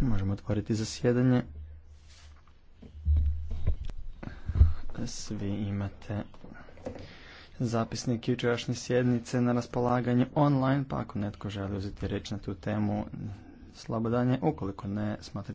Možemo otvoriti zasjedanje. Svi imate zapisnik jučerašnje sjednice na raspolaganju online, pa ako netko želi uzeti reč na tu temu, slabo danje, ukoliko ne, smatrate